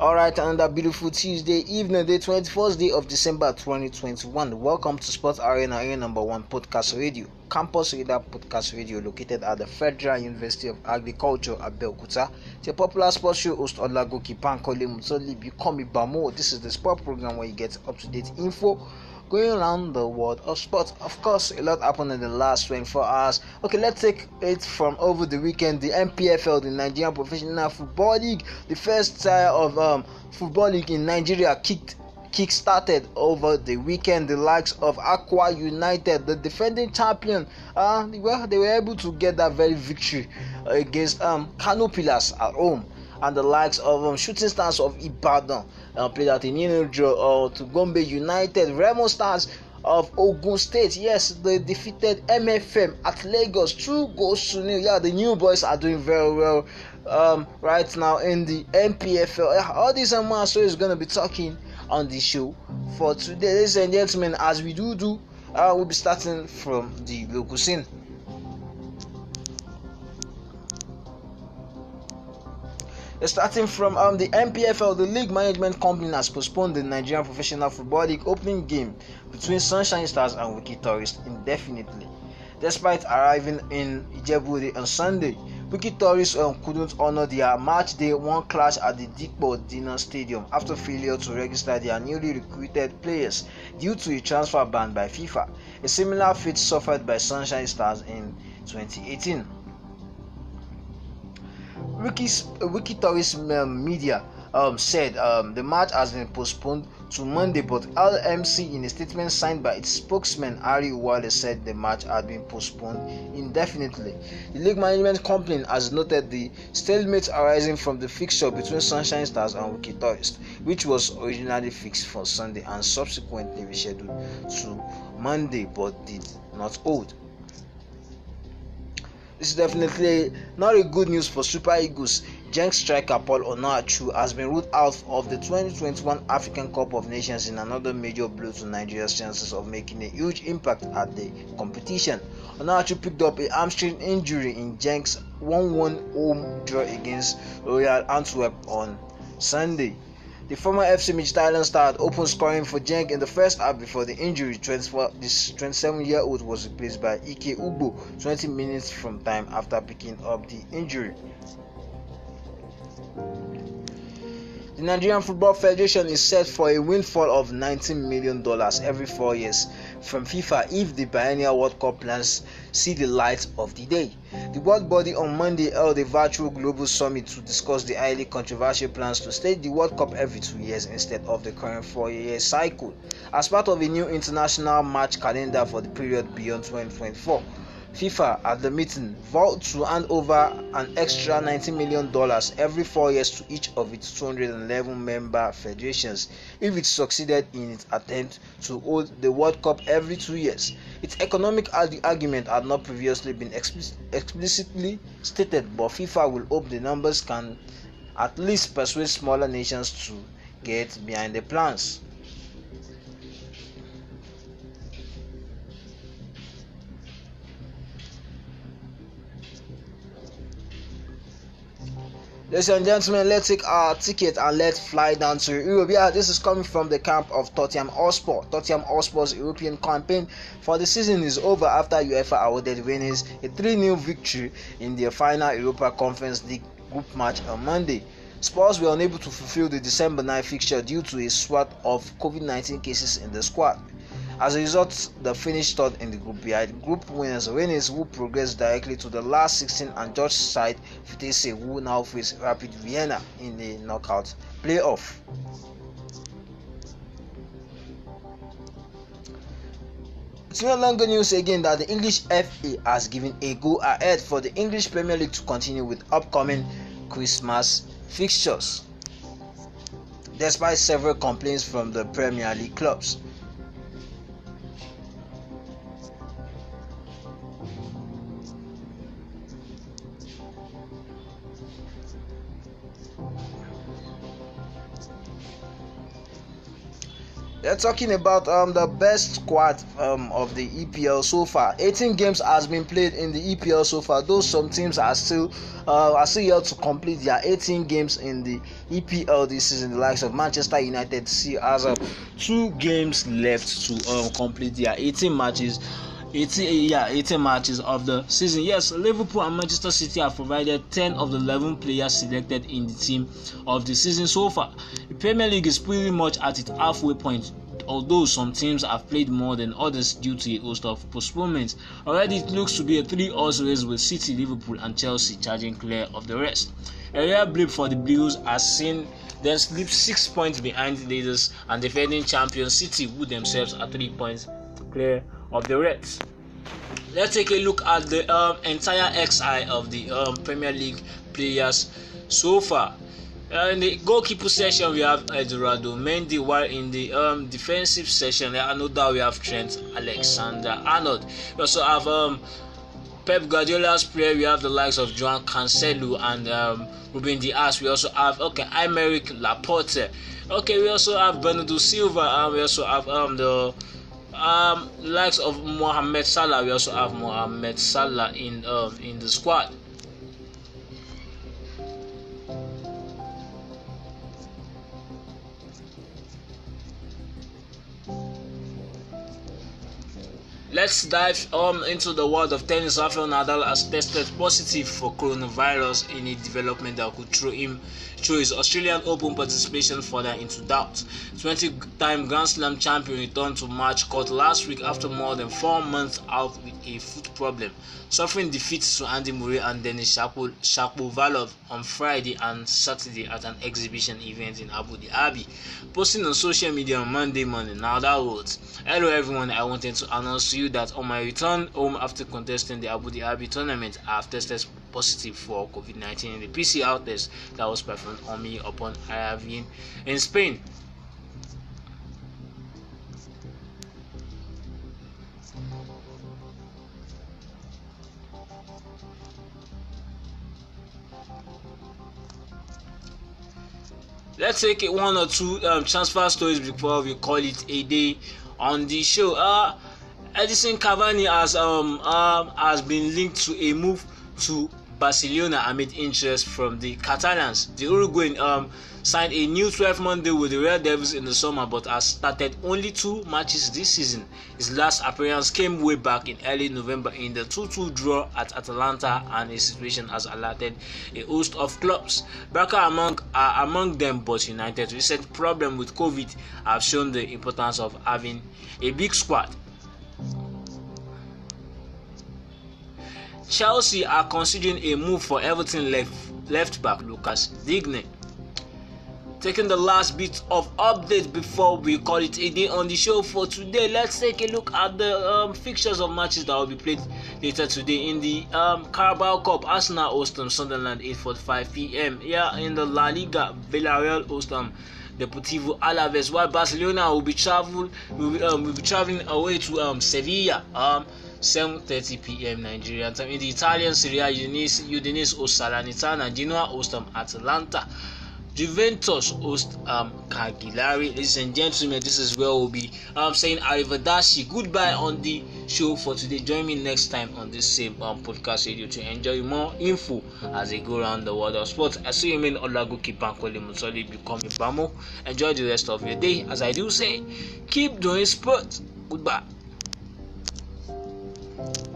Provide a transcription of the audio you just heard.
All right, a beautiful Tuesday evening, the 21st day of December 2021. Welcome to Sports Arena, Arena number one podcast radio, Campus radio Podcast Radio, located at the Federal University of Agriculture at Belkuta. The popular sports show host Olagoki Pankole Mutoli Bikomi Bamo. This is the sport program where you get up to date info going around the world of sports. Of course, a lot happened in the last 24 hours. Okay, let's take it from over the weekend. The MPFL, the Nigerian Professional Football League, the first tier of um, football league in Nigeria, kicked kick-started over the weekend the likes of aqua united the defending champion uh, well they were able to get that very victory against um, kano pillars at home and the likes of um, Shooting Stars of Ibadan uh, played at Ininudro or uh, to Gombe United, Remo Stars of Ogun State. Yes, they defeated MFM at Lagos. Two goals to nil. Yeah, the new boys are doing very well um, right now in the MPFL. All these and more. So is gonna be talking on the show for today, ladies and gentlemen. As we do do, uh, we'll be starting from the local scene. Starting from um, the MPFL, the league management company has postponed the Nigerian Professional Football League opening game between Sunshine Stars and Wiki Tourists indefinitely. Despite arriving in Ijebuode on Sunday, Wiki Tourists um, couldn't honor their match day one clash at the Dikbo Dinner Stadium after failure to register their newly recruited players due to a transfer ban by FIFA. A similar fate suffered by Sunshine Stars in 2018. Wikis, Wikitourism um, Media um, said um, the match has been postponed to Monday, but LMC, in a statement signed by its spokesman Ari Wale, said the match had been postponed indefinitely. The league management company has noted the stalemate arising from the fixture between Sunshine Stars and Tourist, which was originally fixed for Sunday and subsequently rescheduled to Monday, but did not hold. This is definitely not a good news for Super Eagles. Genk striker Paul Onoachu has been ruled out of the 2021 African Cup of Nations in another major blow to Nigeria's chances of making a huge impact at the competition. Onoachu picked up a hamstring injury in Genk's 1-1 home draw against Royal Antwerp on Sunday. The former FC Thailand star had opened scoring for Genk in the first half before the injury transfer. This 27-year-old was replaced by Ike Ubo 20 minutes from time after picking up the injury. The Nigerian Football Federation is set for a windfall of $19 million every four years from FIFA if the biennial World Cup plans see the light of the day. The World Body on Monday held a virtual global summit to discuss the highly controversial plans to stage the World Cup every two years instead of the current four year cycle, as part of a new international match calendar for the period beyond 2024. FIFA at the meeting vowed to hand over an extra $90 million every four years to each of its 211 member federations if it succeeded in its attempt to hold the World Cup every two years. Its economic argument had not previously been explicitly stated, but FIFA will hope the numbers can at least persuade smaller nations to get behind the plans. Ladies and gentlemen, let's take our ticket and let's fly down to Europe. Yeah, this is coming from the camp of Tottenham Hotspur. Tottenham Hotspur's European campaign for the season is over after UEFA awarded Venice a 3 0 victory in their final Europa Conference League group match on Monday. Spurs were unable to fulfill the December 9 fixture due to a swath of COVID 19 cases in the squad. As a result, the finished third in the group behind group winners Rennes, who progressed directly to the last 16, and George's side Vitesse, who now face Rapid Vienna in the knockout playoff. It's no longer news again that the English FA has given a go ahead for the English Premier League to continue with upcoming Christmas fixtures. Despite several complaints from the Premier League clubs, they're talking about um, the best squad um, of the EPL so far. 18 games has been played in the EPL so far. Though some teams are still uh, are still yet to complete their 18 games in the EPL this season. The likes of Manchester United see as of um, two games left to um, complete their 18 matches 18 eh, yeah 18 matches of the season yes liverpool and manchester city have provided 10 of the 11 players selected in the team of the season so far the premier league is pretty much at its halfway point although some teams have played more than others due to a host of postponements. Already, it looks to be a three horse race with City, Liverpool, and Chelsea charging clear of the rest. A rare blip for the Blues has seen them slip six points behind the leaders and defending champions City, who themselves are three points clear of the Reds. Let's take a look at the um, entire XI of the um, Premier League players so far. Uh, in the goalkeeper section, we have Eduardo Mendy, while in the um, defensive section, I know that we have Trent Alexander Arnold. We also have um, Pep Guardiola's player, we have the likes of Juan Cancelo and um, Ruben Diaz. We also have okay, Imeric Laporte. Okay, we also have Bernardo Silva, and we also have um, the um, likes of Mohamed Salah, we also have Mohamed Salah in um, in the squad. Let's dive um, into the world of tennis. Rafael Nadal has tested positive for coronavirus in a development that could throw him through his Australian Open participation further into doubt. 20-time Grand Slam champion returned to match court last week after more than four months out with a foot problem, suffering defeats to Andy Murray and Denis Shapovalov on Friday and Saturday at an exhibition event in Abu Dhabi. Posting on social media on Monday morning, Nadal wrote, "Hello everyone, I wanted to announce to you that on my return home after contesting the Abu Dhabi tournament, I have tested positive for COVID 19 in the PCR test that was performed on me upon arriving in Spain. Let's take one or two um, transfer stories before we call it a day on the show. Uh, Edison Cavani has um, um has been linked to a move to Barcelona amid interest from the Catalans. The Uruguayan um, signed a new 12-month deal with the Real Devils in the summer, but has started only two matches this season. His last appearance came way back in early November in the 2-2 draw at Atalanta, and his situation has alerted a host of clubs. Barca among are among them, but United's recent problem with COVID have shown the importance of having a big squad. Chelsea are considering a move for Everton left, left back Lucas Digne. Taking the last bit of update before we call it a day on the show for today, let's take a look at the um, fixtures of matches that will be played later today in the um, Carabao Cup. Arsenal host um, Sunderland 8:45 p.m. Yeah, in the La Liga, Villarreal host um, Deportivo Alaves, while Barcelona will be travel will be, um, will be traveling away to um, Sevilla. Um, 7:30 p.m. Nigerian time. In the Italian Serie A, Udinese, Udinese host Salernitana, Genoa host um, Atalanta, Juventus host um, Cagliari. Ladies and gentlemen, this is where we'll be I'm um, saying arrivederci, goodbye on the show for today. Join me next time on this same um, podcast radio to enjoy more info as they go around the world of sports. I see you mean Olagoki Bankole Musoli become bamo. Enjoy the rest of your day. As I do say, keep doing sports. Goodbye. Thank you.